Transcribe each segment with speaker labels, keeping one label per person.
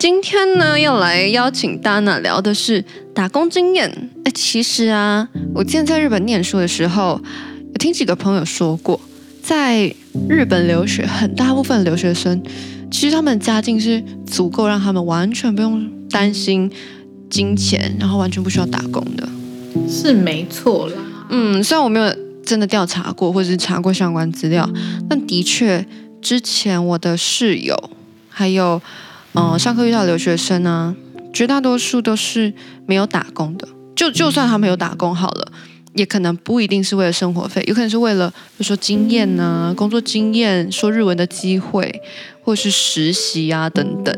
Speaker 1: 今天呢，要來邀請 Dana 聊的是打工經驗。誒、欸，其實啊，我之前在日本念書的時候，有聽幾個朋友說過，在日本留學，很大部分留學生其實他們家境是足夠讓他們完全不用擔心金錢，然後完全不需要打工的。是沒錯啦。嗯，雖然我沒有真的調查過，或者是查過相關資料，但的確之前我的室友還有。嗯、呃，上課遇到留學生呢，啊，絕大多數都是沒有打工的。就就算他沒有打工好了，也可能不一定是為了生活費，有可能是為了比如說經驗啊、工作經驗、說日文的機會，或是實習啊等等。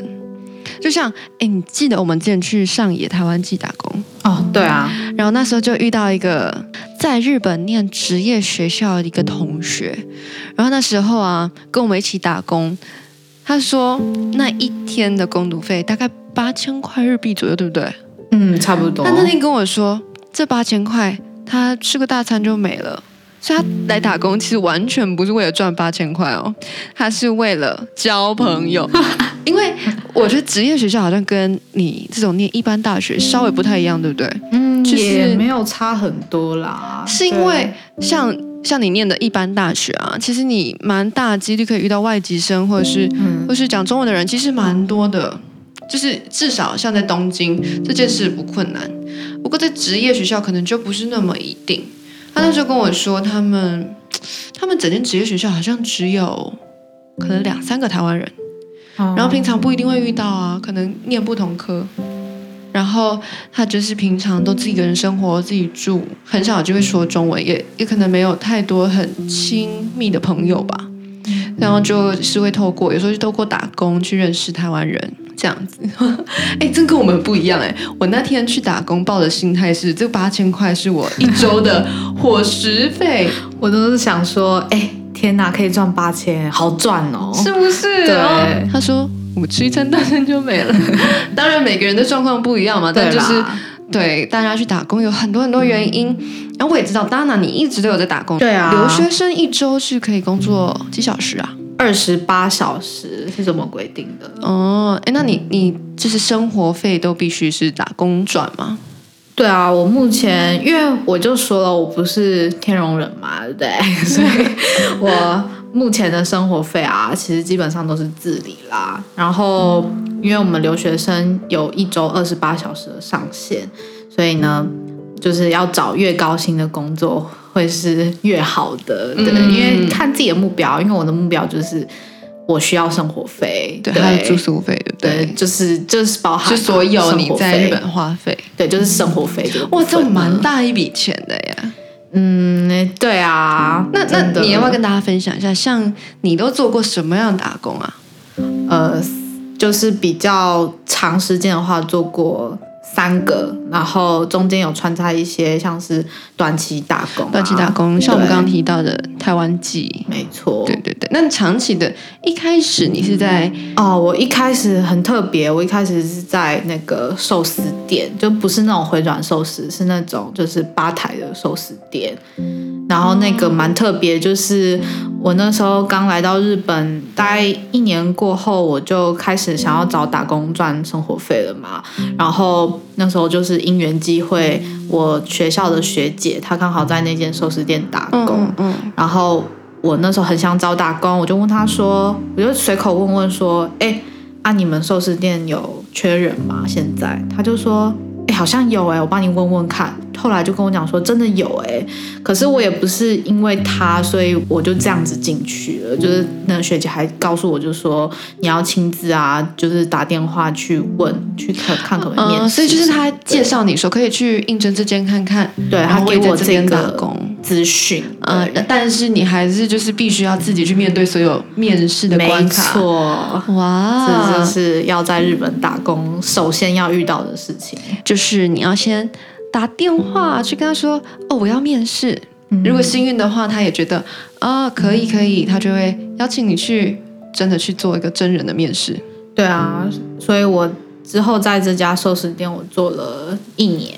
Speaker 1: 就像哎，你記得我們之前去上野台灣記打工哦？對啊，然後那時候就遇到一個在日本念職業學校的一個同學，然後那時候啊，跟我們一起打工。他說那一天的工讀費大概八千塊日幣左右，對不對？嗯，差不多。但他那天跟我說，這八千塊他吃個大餐就沒了，所以他來打工其實完全不是為了賺八千塊哦，他是為了交朋友。嗯、因為我覺得職業學校好像跟你這種念一般大學稍微不太一樣，嗯、對不對？嗯、就是，也沒有差很多啦，是因為像。像你念的一般大學啊，其實你蠻大幾率可以遇到外籍生，或者是，或是講中文的人，其實蠻多的。就是至少像在東京這件事不困難，不過在職業學校可能就不是那麼一定。他那時候跟我說，他們，他們整間職業學校好像只有可能兩三個台灣人，然後平常不一定會遇到啊，可能念不同科。然後他就是平常都自己一個人生活、嗯，自己住，很少就會說中文，也也可能沒有太多很親密的朋友吧。嗯、然後就是會透過有時候就透過打工去認識台灣人這樣子。哎、 欸，真跟我們不一樣哎、欸！我那天去打工抱的心態是，這八千塊是我一周的伙食費。
Speaker 2: 我都是想說，哎、欸，天哪，可以賺八千，好賺哦，是不是？對，哦、
Speaker 1: 他說。我吃一餐，大餐就沒了。 當然每個人的狀況不一樣嘛， 但就是、對吧？對，大家去打工有很多很多原因。然、嗯、後、啊、我也知道，Dana 你一直都有在打工，對啊。留學生一周是可以工作幾小時啊？二十八小時是這麼規定的？哦，誒、欸，那你、嗯、你就是生活費都必須是打工賺嗎？
Speaker 2: 對啊，我目前 因為我就說了，我不是天龍人嘛，對不對？所 以對 我。目前的生活費啊，其實基本上都是自理啦。然後，因為我們留學生有一周二十八小時的上限，所以呢，就是要找越高薪的工作會是越好的。對，嗯，因為看自己的目標。因為我的目標就是我需要生活費，
Speaker 1: 對，還有住宿費，對，
Speaker 2: 就是就是包含所有你在日本
Speaker 1: 花費，對，就是生活費。哇，這蠻大一筆錢的呀。嗯，對啊，嗯、那那你要不要跟大家分享一下，像你都做過什麼樣的打工啊？
Speaker 2: 呃，就是比較長時間的話，做過。三個，然後中間有穿插一些像是短期打工，啊，短期打工，像我們剛剛提到的台灣記，沒錯，對對對。那長期的，一開始你是在、嗯、哦，我一開始很特別，我一開始是在那個壽司店，就不是那種迴轉壽司，是那種就是吧台的壽司店。然後那個蠻特別，就是我那時候剛來到日本，待一年過後，我就開始想要找打工賺生活費了嘛。然後那時候就是因緣際會，我學校的學姐她剛好在那間壽司店打工。嗯，然後我那時候很想找打工，我就問她說，我就隨口問問說，哎，啊你們壽司店有缺人嗎？現在？她就說，哎，好像有哎、欸，我幫你問問看。後來就跟我講說，真的有哎、欸，可是我也不是因為他，所以我就這樣子進去了。就是那個學姐還告訴我就說，你要親自啊，就是打電話去問，去看看可不可以面、嗯、所以就是他
Speaker 1: 介紹你說可以去應徵這間看看，對，他給我這邊的工資訊。呃，但是你還是就是必須要自己去面對所有面試的關卡。沒錯，哇，這是要在日本打工首先要遇到的事情，就是你要先，打電話去跟他說：“哦，我要面試。嗯。如果幸運的話，他也覺得啊，哦，可以可以，他就會邀請你去真的去做一個真人的面試。”對啊，所以我之後在這家壽司店我做了一年，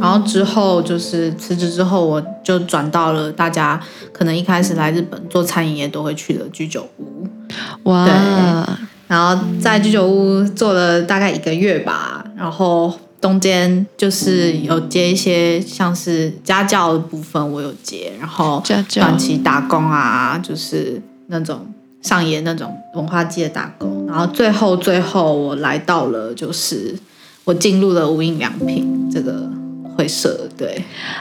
Speaker 1: 然後
Speaker 2: 之後就是辭職之後，我就轉到了大家可能一開始來日本做餐飲業都會去的居酒屋。哇！然後在居酒屋做了大概一個月吧，然後。中間就是有接一些像是家教的部分，我有接，然後短期打工啊，就是那種上野那種文化界的打工，然後最後最後我來到了，就是我進入了無印良品這個。
Speaker 1: 會社對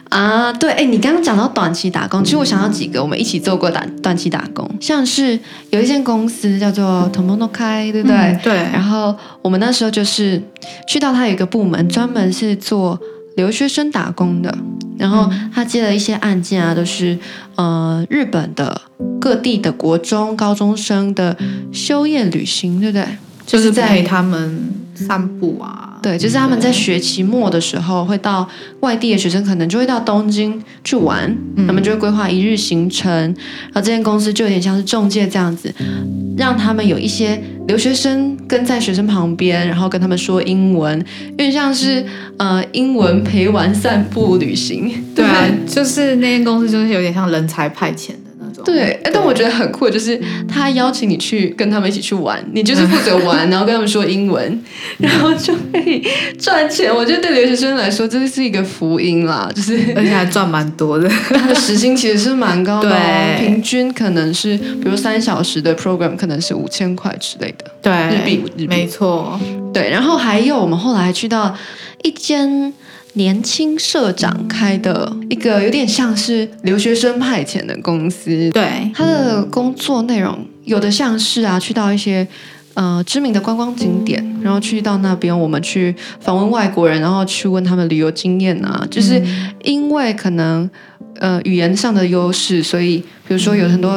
Speaker 1: 啊對哎，你剛剛講到短期打工，其實我想到幾個我們一起做過短短期打工、嗯，像是有一間公司叫做 Tomonokai，、嗯、對不對？對。然後我們那時候就是去到他有一個部門，專門是做留學生打工的，然後他接了一些案件啊，都、就是呃日本的各地的國中高中生的修業旅行，對不對？就是在他
Speaker 2: 們散步
Speaker 1: 啊。嗯對，就是他們在學期末的時候，會到外地的學生可能就會到東京去玩，他們就會規劃一日行程。然後這間公司就有點像是仲介這樣子，讓他們有一些留學生跟在學生旁邊，然後跟他們說英文，有點像是呃英文陪玩散步旅行。對，對就是那間公司就是有點像人才派遣。對、欸，但我覺得很酷就是，他邀請你去跟他們一起去玩，你就是負責玩，然後跟他們說英文， 然後就可以賺錢。我覺得對留學生來說這是一個福音啦，就是而且還賺蠻多的， 他的時薪其實是蠻高的、啊對，平均可能是比如三小時的 program 可能是五千塊之類的，對，日幣日幣沒錯，對。然後還有我們後來去到一間。年輕社長開的一個有點像是留學生派遣的公司，對、嗯、他的工作內容有的像是啊，去到一些呃知名的觀光景點、嗯，然後去到那邊我們去訪問外國人，然後去問他們旅遊經驗啊，就是因為可能呃語言上的優勢，所以比如說有很多、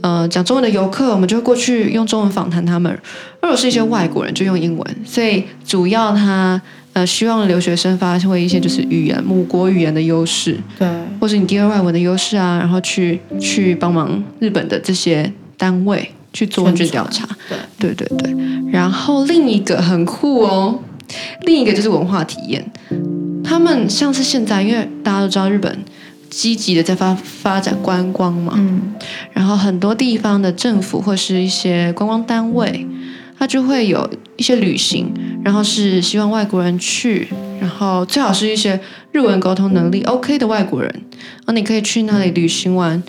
Speaker 1: 嗯、呃講中文的遊客，我們就過去用中文訪談他們；而我是一些外國人、嗯、就用英文，所以主要他。呃，希望留學生發揮一些就是語言、嗯、母國語言的優勢，對，或是你第二外文的優勢啊，然後去去幫忙日本的這些單位去做問卷調查，對對對對。然後另一個很酷哦，另一個就是文化體驗。他們像是現在，因為大家都知道日本積極的在發發展觀光嘛，嗯，然後很多地方的政府或是一些觀光單位，他就會有一些旅行。然後是希望外國人去，然後最好是一些日文溝通能力 OK 的外國人。然後你可以去那裡旅行完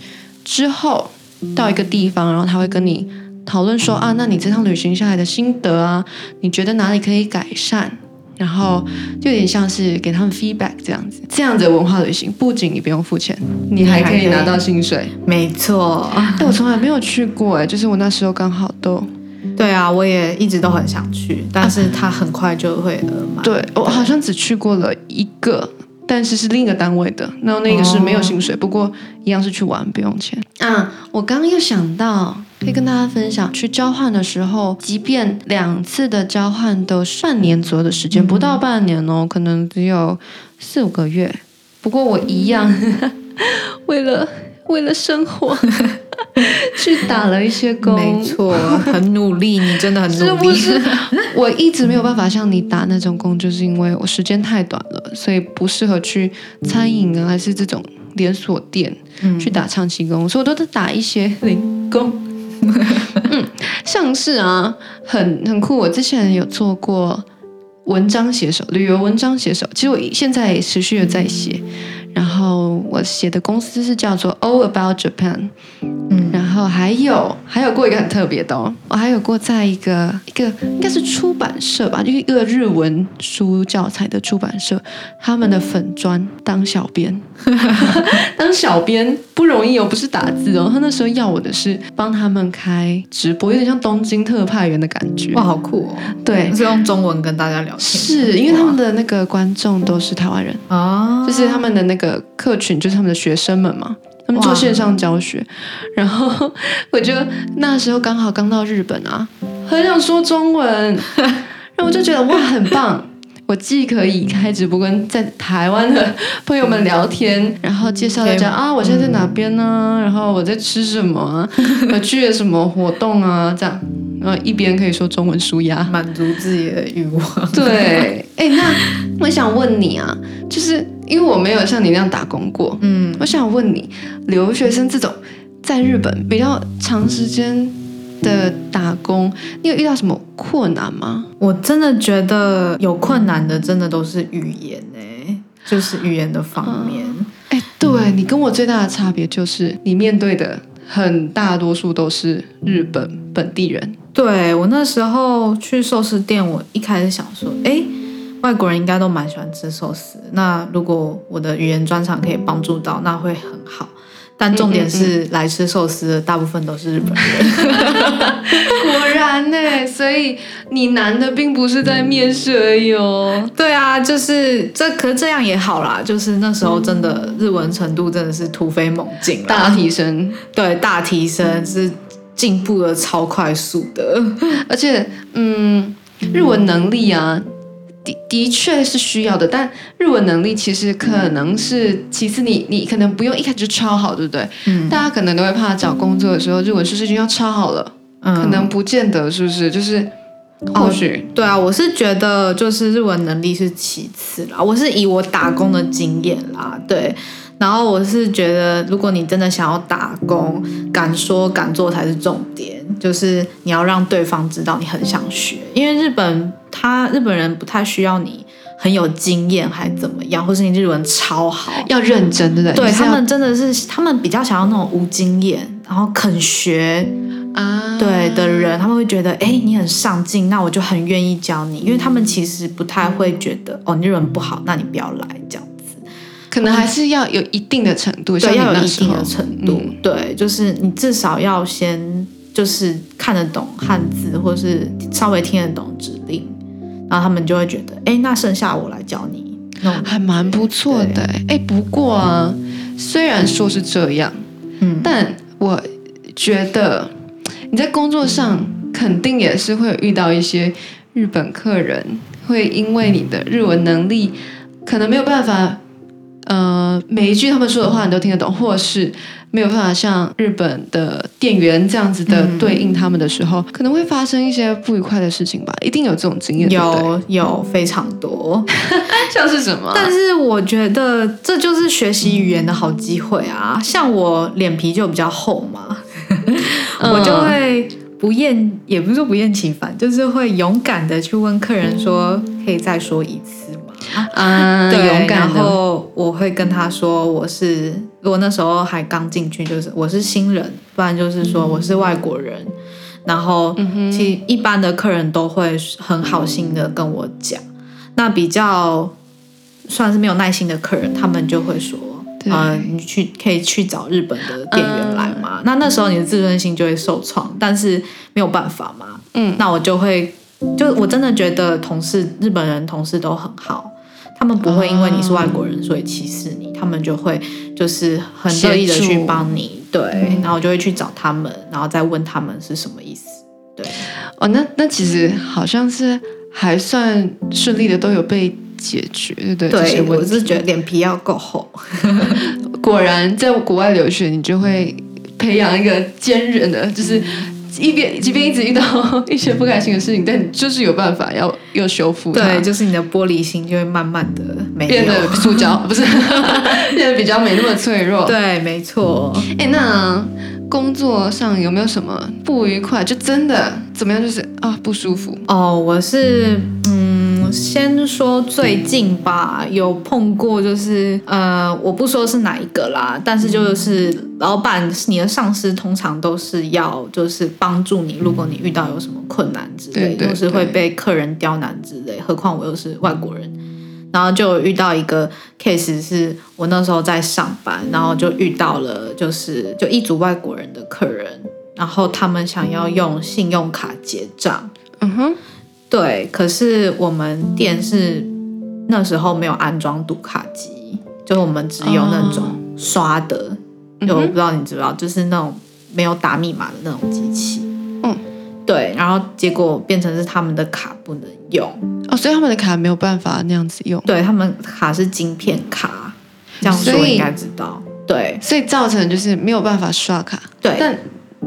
Speaker 1: 之後，到一個地方，然後他會跟你討論說啊，那你這趟旅行下來的心得啊，你覺得哪裡可以改善？然後就有點像是給他們 feedback 這樣子。這樣子的文化旅行，不僅你不用付錢你，你還可以拿到薪水。沒錯啊， 但我從來沒有去過欸，就是我那時候剛好都。對啊，我也一直都很想去，但是他很快就會額滿、呃啊、對，我好像只去過了一個，但是是另一個單位的，那那個是沒有薪水、哦，不過一樣是去玩，不用錢。啊，嗯、我剛剛又想到，可以跟大家分享，嗯、去交換的時候，即便兩次的交換都半年左右的時間、嗯，不到半年哦，可能只有四五個月，不過我一樣 為了為了生活。 去打了一些工，沒錯、啊，很努力，你真的很努力。 是是我一直沒有辦法像你打那種工，就是因為我時間太短了，所以不適合去餐飲啊，嗯、還是這種連鎖店、嗯、去打長期工，所以我都是打一些零工、 嗯。像是啊，很很酷。我之前有做過文章寫手，旅遊文章寫手，其實我現在也持續的在寫。嗯然後我寫的公司是叫做 All About Japan，嗯，然、嗯、後。然後還有、嗯、還有過一個很特別的、哦，我還有過在一個一個應該是出版社吧，就是一個日文書教材的出版社，他們的粉專、嗯、當小編， 當小編不容易哦，不是打字哦，他那時候要我的是幫他們開直播，嗯、有點像東京特派員的感覺，哇，好酷哦，對，嗯、是用中文跟大家聊天是，是、啊、因為他們的那個觀眾都是台灣人啊，就是他們的那個客群就是他們的學生們嘛。
Speaker 2: 他們做線上
Speaker 1: 教學，然後我就那時候剛好剛到日本啊，很想說中文， 然後我就覺得哇很棒！ 我既可以開直播跟在台灣的朋友們聊天， 然後介紹大家、okay. 啊，我現在在哪邊呢？然後我在吃什麼？我 去了什麼活動啊？這樣。後一邊可以說中文紓壓，滿足自己的慾望。對，哎、欸，那我想問你啊，就是因為我沒有像你那樣打工過，嗯，我想問你，留學生這種在日本比較長時間的打工，你有遇到什麼
Speaker 2: 困難嗎？我真的覺得有困難的，真的都是語言、欸，
Speaker 1: 哎，就是語言的方面。哎、嗯欸，對、啊、你跟我最大的差別就是，你面對的很大多數都是日本本地人。對我那時
Speaker 2: 候去壽司店，我一開始想說，哎，外國人應該都蠻喜歡吃壽司，那如果我的語言專長可以幫助到，那會很好。但重點是嗯嗯嗯，來吃壽司的大部分都是日本人。
Speaker 1: 果然呢、欸，所以你難的並不是在面試而已哦、嗯。對啊，就是這，可
Speaker 2: 是這樣也好啦，就是那時候真的、嗯、日文程度真的是突飛猛進，大提升，對，大提升是。嗯進步了超快速的，而且，
Speaker 1: 嗯，日文能力啊，的的確是需要的，嗯，但日文能力其實可能是其次你，你你可能不用一開始就超好，對不對？嗯，大家可能都會怕找工作的時候，嗯，日文是不是就要超好了，嗯？可能不見得，是不是？就是，或許。啊。對啊，我是覺得就是日文能力是其次啦，我是以
Speaker 2: 我打工的經驗啦，對。然後我是覺得，如果你真的想要打工，敢說敢做才是重點。就是你要讓對方知道你很想學，因為日本他日本人不太需要你很有經驗還怎麼樣，或是你日文超好，要認真對不對？對，他們真的是他們比較想要那種無經驗，然後肯學啊對的人，他們會覺得哎你很上進，那我就很願意教你，因為他們其實不太會覺得哦你日文不好，那你不要來這樣。可能還是要有一定的程度，嗯、對，要有一定的程度、嗯，對，就是你至少要先就是看得懂漢字、嗯，或是稍微聽得懂指令，然後他們就會覺得，哎、欸，那剩下我來教你，還
Speaker 1: 蠻不錯的、欸。哎、欸，不過、啊嗯、雖然說是這樣、嗯，但我覺得你在工作上肯定也是會遇到一些日本客人、嗯，會因為你的日文能力、嗯、可能沒有辦法。呃，每一句他們說的話你都聽得懂，或是沒有辦法像日本的店員這樣子的對應他們的時候、嗯，可能會發生一些不愉快的事情吧？一定有這種經驗。有對對有，有非常多， 像是什麼？但
Speaker 2: 是我覺得這就是學習語言的好機會啊！像我臉皮就比較厚嘛， 我就會不厭，也不是說不厭其煩，就是會勇敢的去問客人說、嗯，可以再說一次。嗯，對勇敢。然後我會跟他說我是，我是如果那時候還剛進去，就是我是新人，不然就是說我是外國人。然後，嗯哼，其實一般的客人都會很好心的跟我講、嗯，那比較算是沒有耐心的客人，嗯、他們就會說，嗯、呃、你去可以去找日本的店員來嘛、嗯。那那時候你的自尊心就會受創，但是沒有辦法嘛。嗯，那我就會，就我真的覺得同事日本人同事都很好。他們不會因為你是外國人所以歧視你，啊、他們就會就是很樂意的去幫你，對。然後就會去找他們，然後再問他們是什麼意思，
Speaker 1: 對。哦，那那其實好像是還算順利的，都有被解決，對、嗯、對。對我是覺得臉皮要夠厚， 果然在國外留學，你就會培養一個堅韌的、嗯，就是。一邊即便一,一直遇到一些不開心的事情，但你就是有辦法要要修復。對，就是你的玻璃心就會慢慢的變得比較，不是變得 比, 比較沒那麼脆弱。對，沒錯。哎、嗯欸，那工作上有沒有什麼不愉快？就真的怎麼樣？就是啊、哦，不舒服。哦，我是嗯。先說最近吧，嗯、有
Speaker 2: 碰過，就是呃，我不說是哪一個啦，但是就是、嗯、老闆，你的上司通常都是要就是幫助你，如果你遇到有什麼困難之類，都、嗯、是會被客人刁難之類。對對對，何況我又是外國人，然後就遇到一個 case，是我那時候在上班，然後就遇到了就是就一組外國人的客人，然後他們想要用信用卡結賬，嗯哼。嗯對，可是我們店是那時候沒有安裝讀卡機，就是我們只有那種刷的，哦、就我不知道你知不知道，就是那種沒有打密碼的那種機器。嗯，對，然後結果變成
Speaker 1: 是他們的卡不能用哦，所以他們的卡沒有辦法那樣子用。對，他們卡是晶片卡，所以這樣說應該知道。對，所以造成就是沒有辦法刷
Speaker 2: 卡。對。對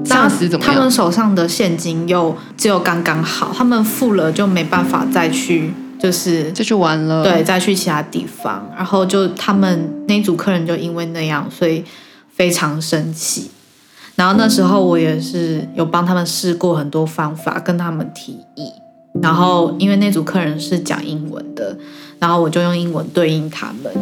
Speaker 2: 那他們手上的現金又只有剛剛好，他們付了就沒辦法再去，就是就去玩了。對，再去其他地方，然後就他們那一組客人就因為那樣，所以非常生氣。然後那時候我也是有幫他們試過很多方法，跟他們提議。然後因為那組客人是講英文的，然後我就用英文對應他們，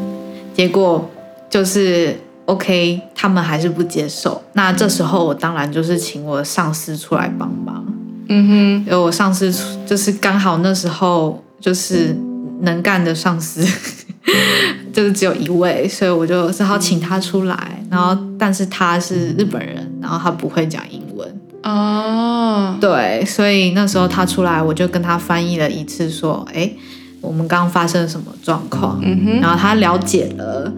Speaker 2: 結果就是。OK，他們還是不接受。那這時候我當然就是請我上司出來幫忙。嗯哼，因為我上司就是剛好那時候就是能幹的上司，嗯、 就是只有一位，所以我就只好請他出來。然後，但是他是日本人，嗯，然後他不會講英文。哦，對，所以那時候他出來，我就跟他翻譯了一次，說：“哎，我們剛剛發生了什麼狀況？”嗯哼，然後他了解了。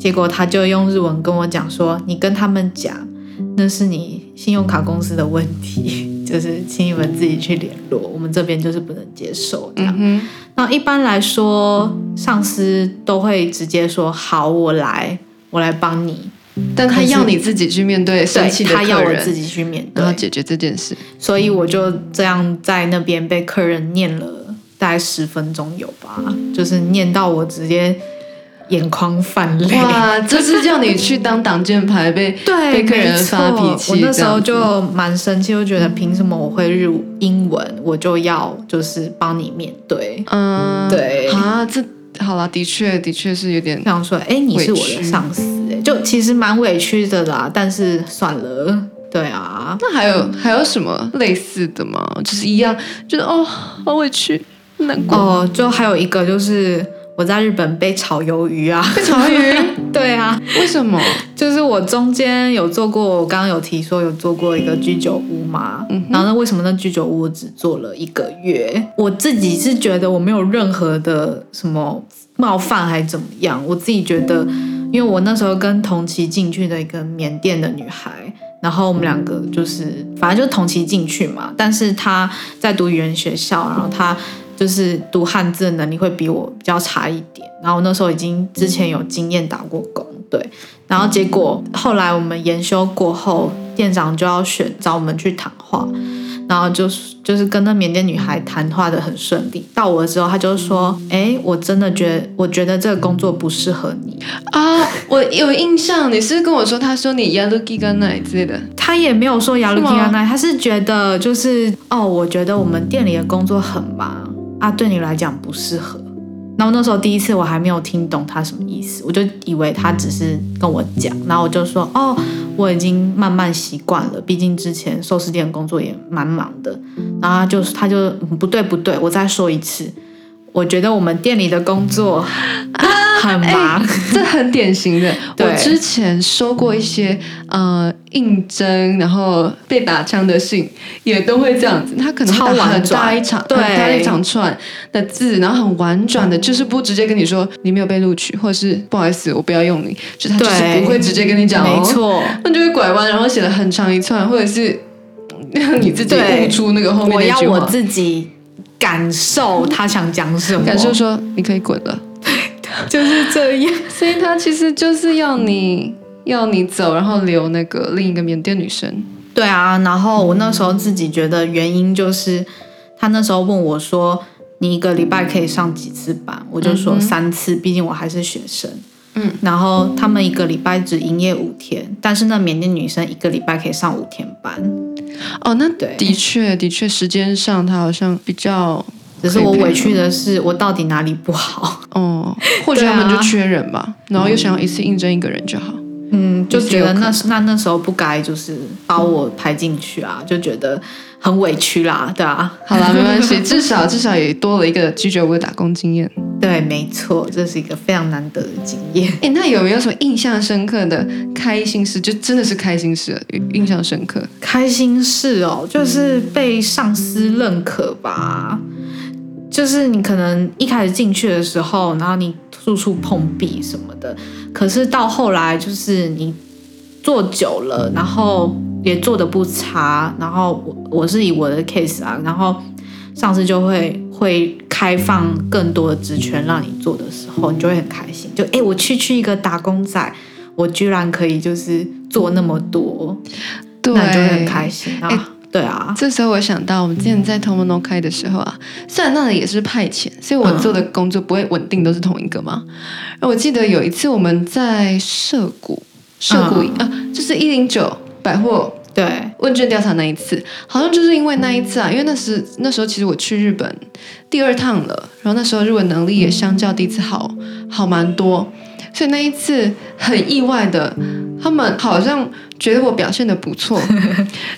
Speaker 2: 結果他就用日文跟我講說：“你跟他們講，那是你信用卡公司的問題，就是請你們自己去聯絡，我們這邊就是不能接受這樣。嗯”那一般來說，上司都會直接說：“好，我來，我來幫你。”但他要你自己
Speaker 1: 去面對生氣的客人。對，他要我自己去面
Speaker 2: 對，要解決這件事。所以我就這樣在那邊被客人念了大概十分鐘有吧，就是念到我直接。眼眶泛淚。哇、啊，這、就是叫
Speaker 1: 你去當擋箭牌被 對，被客人發脾氣，我那時候就
Speaker 2: 蠻生氣，我覺得憑什麼我會日英文，嗯、我就要就是幫你面對。嗯，對
Speaker 1: 啊，這好了，的確的確
Speaker 2: 是有點想說，哎、欸，你是我的上司、欸，哎，就其實蠻委屈的啦。但是算
Speaker 1: 了，對啊，那還有、嗯、還有什麼類似的嗎？就是一樣覺得哦，好委屈，難過。哦，就還有一個就是。我在日本被炒
Speaker 2: 魷魚啊！被炒魷魚，對啊，為什麼？就是我中間有做過，我剛剛有提說有做過一個居酒屋嘛，嗯，然後呢，為什麼那居酒屋我只做了一個月？我自己是覺得我沒有任何的什麼冒犯還是怎麼樣，我自己覺得，因為我那時候跟同期進去的一個緬甸的女孩，然後我們兩個就是反正就同期進去嘛，但是她在讀語言學校，然後她。就是讀漢字能力會比我比較差一點，然後我那時候已經之前有經驗打過工，嗯，對，然後結果後來我們研修過後，店長就要選找我們去談話，然後就是就是跟那緬甸女孩談話得很順利，到我的時候他就說，哎，我真的覺得我覺得這個工作不適合你
Speaker 1: 啊。哦，我有印象， 你是不是跟我說他說你 yaruki ga nai
Speaker 2: 之類的，他也沒有說 yaruki ga nai，他是覺得就是哦，我覺得我們店裡的工作很忙。啊，對你來講不適合。然後那時候第一次，我還沒有聽懂他什麼意思，我就以為他只是跟我講。然後我就說，哦，我已經慢慢習慣了，畢竟之前壽司店工作也蠻忙的。然後就是他就、他就、嗯、不對不對，我再說一次。我覺得我們店裡的工作、 啊、很
Speaker 1: 忙、欸，這很典型的。 我之前收過一些呃應徵，然後被打槍的信，也都會這樣子。他可能很大一場，對大一場串的字，然後很婉轉的、嗯，就是不直接跟你說你沒有被錄取，或者是不好意思，我不要用你，就他就是不會直接跟你講、哦，沒錯，那就會拐彎，然後寫了很長一串，或者是讓你自己悟出那個後面的一句話。感受他想講什麼，感受說你可以滾了， 就是這樣。所以他其實就是要你 要你走，然後留那個另一個緬甸
Speaker 2: 女生。對啊，然後我那時候自己覺得原因就是，他那時候問我說你一個禮拜可以上幾次班，我就說三次，畢竟我還是學生。嗯，然後他們一個禮拜只營業五天，但是那緬甸女生一個禮拜可以上五天班。
Speaker 1: 哦，那對，的確的確，時間上她好像比較，只是我委屈的是，我到底哪裡不好？哦，或許他們就缺
Speaker 2: 人吧， 啊、然後又想要一次應徵一個人就好。嗯，嗯，就覺得那那那時候不該就是把我排進去啊，就覺得很委屈啦。對啊，好啦，沒關係，至少 至少也
Speaker 1: 多了一個拒絕我的打工經驗。對，沒錯，這是一個非常難得的經驗。誒，那有沒有什麼印象深刻的開心事？就真的是開心事，印象深刻。開心事哦，就是被上司認可吧。
Speaker 2: 嗯，就是你可能一開始進去的時候，然後你處處碰壁什麼的，可是到後來就是你做久了，然後也做得不差，然後我我是以我的 case 啊，然後上司就會會。開放更多的職權讓你做的時候，你就會很開心。就哎、欸，我區區一個打工仔，我居然可以就是做那麼多，
Speaker 1: 對，那你就會很開心啊、欸！對啊，這時候我想到我們之前在 Tomono 開的時候啊，雖然那也是派遣，所以我做的工作不會穩定，都是同一個嘛、嗯。我記得有一次我們在涉谷，涉谷、嗯、啊，就是一零九百貨。對，問卷調查那一次，好像就是因為那一次啊，因為那時，那時候其實我去日本第二趟了，然後那時候日文能力也相較第一次好好蠻多，所以那一次很意外的，他們好像覺得我表現的不錯，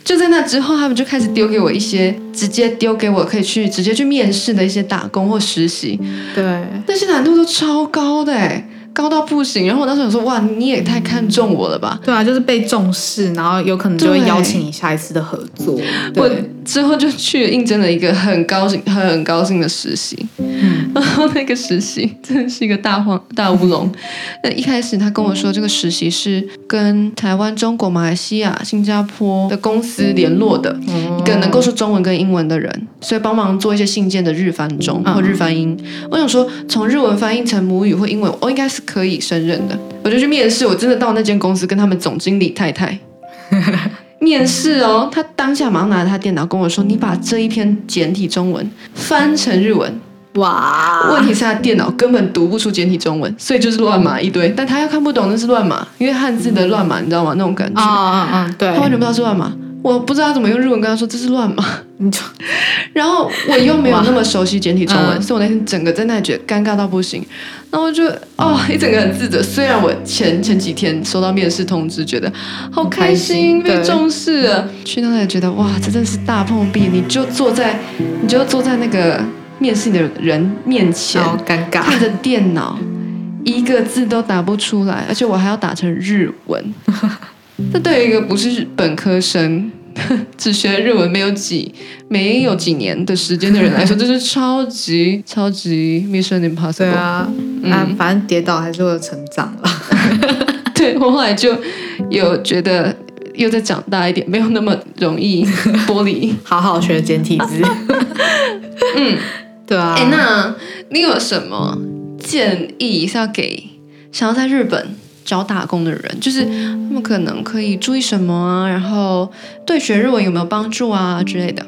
Speaker 1: 就在那之後，他們就開始丟給我一些，直接丟給我可以去直接去面試的一些打工或實習，對，那些難度都超高的，欸。高到不行，然後我當時想說哇，你也太看重我了吧？對啊，就是被重視，然後有可能就會邀請你下一次的合作。我之後就去應徵了一個很高薪、很很高薪的實習。然、嗯、後、哦、那個實習真是一個大黃大烏龍。 那一開始他跟我說，這個實習是跟台灣、嗯、中國、馬來西亞、新加坡的公司聯絡的、嗯，一個能夠說中文跟英文的人，所以幫忙做一些信件的日翻中或日翻英。嗯、我想說，從日文翻譯成母語或英文，我、哦、應該是可以勝任的。我就去面試，我真的到那間公司跟他們總經理太太 面試哦。他當下馬上拿着他電腦跟我說：“你把這一篇簡體中文翻成日文。”哇！問題是他電腦根本讀不出簡體中文，所以就是亂碼一堆。但他又看不懂，那是亂碼，因為漢字的亂碼、嗯，你知道嗎？那種感覺，啊、嗯嗯嗯，對，他完全不知道是亂碼。我不知道他怎麼用日文跟他說這是亂碼，你就， 然後我又沒有那麼熟悉簡體中文，所以我那天整個在那裡覺得尷尬到不行。然後我就哦，一整個很自責。雖然我前前幾天收到面試通知，覺得好開心，被重視，去那也覺得哇，這真的是大碰壁。你就坐在，你就坐在那個。面試的人面前，好尷尬。看着電腦、哦，一個字都打不出來，而且我還要打成日文。 這對於一個不是本科生，只學日文沒有幾沒有幾年的時間的人來說，這 是超級超級 mission impossible 對啊，嗯！啊，反正跌倒還是會成長了。 對，我後來就有覺得又再長大一點，沒有那麼容易玻璃。好好學簡體字。 嗯。對啊，哎，那你有什麼建議是要給想要在日本找打工的人？就是他們可能可以注意什麼啊，然後對學日文有沒有幫助啊之類的？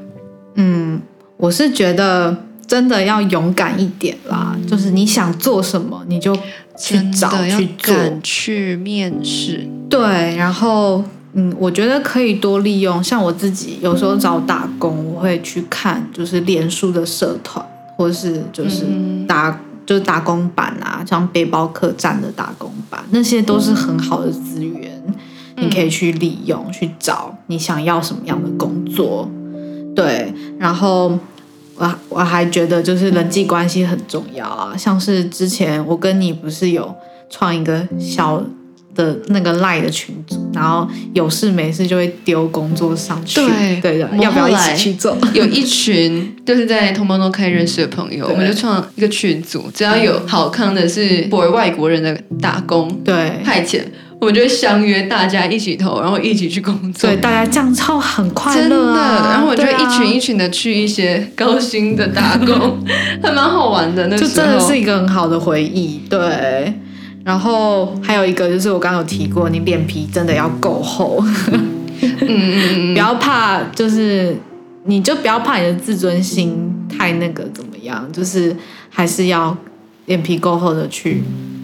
Speaker 1: 嗯，我是覺
Speaker 2: 得真的要勇敢一點啦，就是你想做什麼你就去找，真的要去做、去面試。對，然後嗯，我覺得可以多利用，像我自己有時候找打工，我會去看就是臉書的社團。或者是就是打、嗯、就是打工版啊，像背包客棧的打工版，那些都是很好的資源、嗯，你可以去利用去找你想要什麼樣的工作。對，然後我我還覺得就是人際關係很重要啊，像是之前我跟你不是有創一個小、嗯。的那個賴的群組，然後有事沒事就會
Speaker 1: 丟工作上去，對的，要不要一起去做？要要一去做 有一群就是在同胞中可以認識的朋友，我們就創一個群組，只要有好康的，是不為外國人的打工，對派遣，我們就相約大家一起投，然後一起去工作，對，對大家這樣超很快樂、啊，真的。然後我就一群一群的去一些高薪的打工，啊、 還蠻好玩的，那種就真的是
Speaker 2: 一個很好的回憶，對。然後還有一個就是我剛剛有提過，你臉皮真的要夠厚，嗯， 不要怕，就是你就不要怕你的自尊心太那個怎麼樣，就是還是要臉皮夠厚的去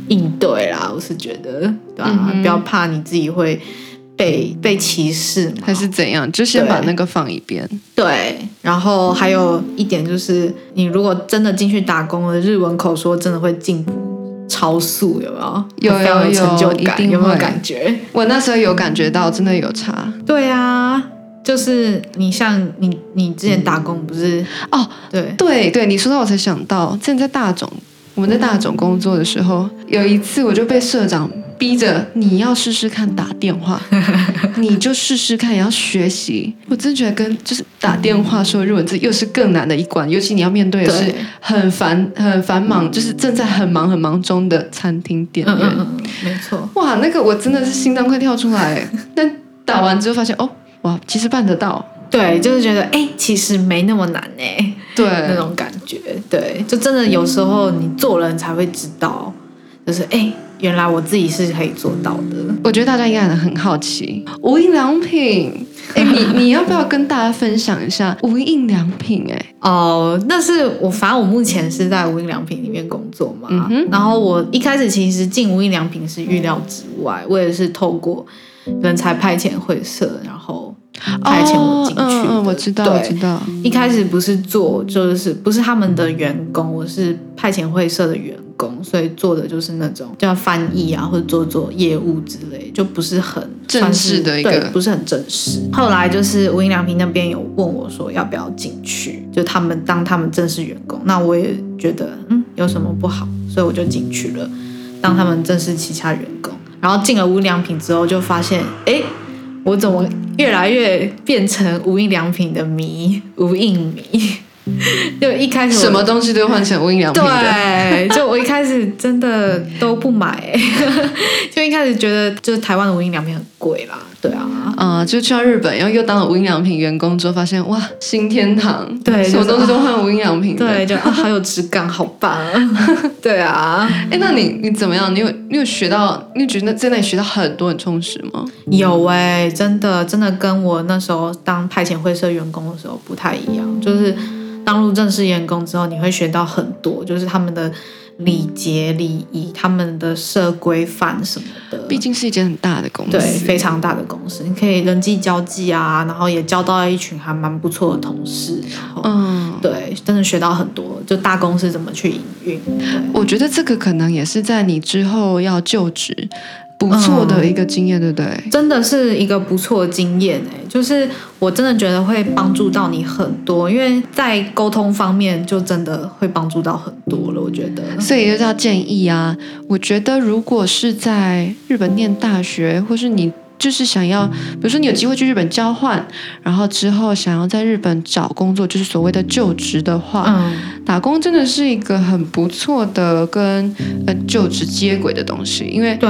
Speaker 2: 應對啦。我是覺得，對啊，嗯、不要怕你自己會被被歧視，還是怎樣，就先把那個放一邊。對，對，然後還有一點就是，你如果真的進去打工了，日文口說真的會進步。超速
Speaker 1: 有沒有？有有有，成就感有有一定有沒有感覺？我那時候有感覺到，真的有差。對
Speaker 2: 啊，就是你像你你之前打工不是？哦、嗯，對對
Speaker 1: 對，對，你說到我才想到，現在在，在大總，我們在大總工作的時候，嗯、有一次我就被社長，逼着你要試試看打電話， 你就試試看，也要學習。我真覺得跟就是打電話說日文字又是更難的一關，尤其你要面對的是很繁很繁忙、嗯，就是正在很忙很忙中的餐廳店員、嗯嗯嗯。沒錯。哇，那個我真的是心臟快跳出來。但打完之後發現 哦，哇，其實辦得到。對，就是
Speaker 2: 覺得哎、欸，其實沒那麼難哎。對，那種感覺。對，就真的有時候你做人才會知道，就是哎。欸原來我自己是可以做到的。我
Speaker 1: 覺得大家應該很好奇無印良品。哎、嗯，欸、 你你要不要跟大家分享一下無印良品、欸？哎、呃，哦，
Speaker 2: 但是我，反正我目前是在無印良品裡面工作嘛。嗯，然後我一開始其實進無印良品是預料之外、嗯，我也是透過人才派遣會社，然後
Speaker 1: 派遣我進去。哦、嗯嗯、我知道，我知道、嗯。
Speaker 2: 一開始不是做，就是不是他們的員工，嗯、我是派遣會社的員。所以做的就是那種叫翻譯啊，或者做做業務之類，就不是很算是正式的一個。對，不是很正式。後來就是無印良品那邊有問我說要不要進去，就他們當他們正式員工，那我也覺得嗯有什麼不好，所以我就進去了，當他們正式旗下員工。然後進了無印良品之後，就發現哎、欸，我怎麼越來越變成無印良品的迷，無印迷。就一開始什麼東西都換成無印良品的，對，就我一開始真的都不買、欸， 就一開始覺得就是台灣的無印良品很貴啦，對啊，
Speaker 1: 啊、呃，就去到日本，然後又當了無印良品員工之後，發現哇，新天堂，對，就是、什麼東西都換無印良品的，對，就、啊、好有質感，好棒，啊， 對啊，哎、欸，那你你怎麼樣？你有你有學到？你覺得在那裡學到很多，很充實嗎？有哎、欸，真的真的
Speaker 2: 跟我那時候當派遣會社員工的時候不太一樣，就是。當入正式員工之後，你會學到很多，就是他們的禮節禮儀、他們的社規範什麼的。畢竟是一間很大的公司，對，非常大的公司，你可以人際交際啊，然後也交到一群還蠻不錯的同事。嗯，對，真的學
Speaker 1: 到很多，就大公司怎麼去營運。我覺得這個可能也是在你之後要就職。不錯的一個經驗，嗯，對不對？真的是一個不錯的經驗
Speaker 2: 哎，就是我真的覺得會幫助到你很多，因為在溝通方面就真的會幫助到很多了。我覺得，
Speaker 1: 所以就叫建議啊。我覺得如果是在日本念大學，或是你，就是想要，比如說你有機會去日本交換，然後之後想要在日本找工作，就是所謂的就職的話，嗯、打工真的是一個很不錯的跟呃就職接軌的東西。因為對，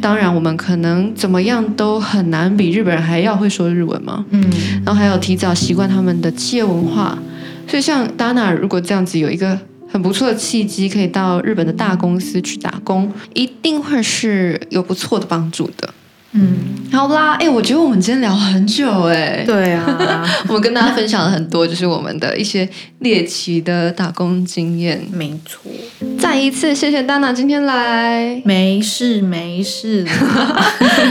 Speaker 1: 當然我們可能怎麼樣都很難比日本人還要會說日文嘛。嗯，然後還有提早習慣他們的企業文化，所以像 Dana 如果這樣子有一個很不錯的契機，可以到日本的大公司去打工，一定會是有不錯的幫助的。嗯，好啦，哎、欸，我覺得我們今天聊很久哎、欸。對啊， 我們跟大家分享了很多，就是我們的一些獵奇的打工經驗。沒錯，再一次謝謝丹娜今天來。沒事沒事，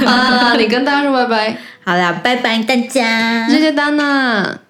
Speaker 1: 啊，你跟大家說拜拜。好啦，拜拜
Speaker 2: 大家，謝謝丹娜。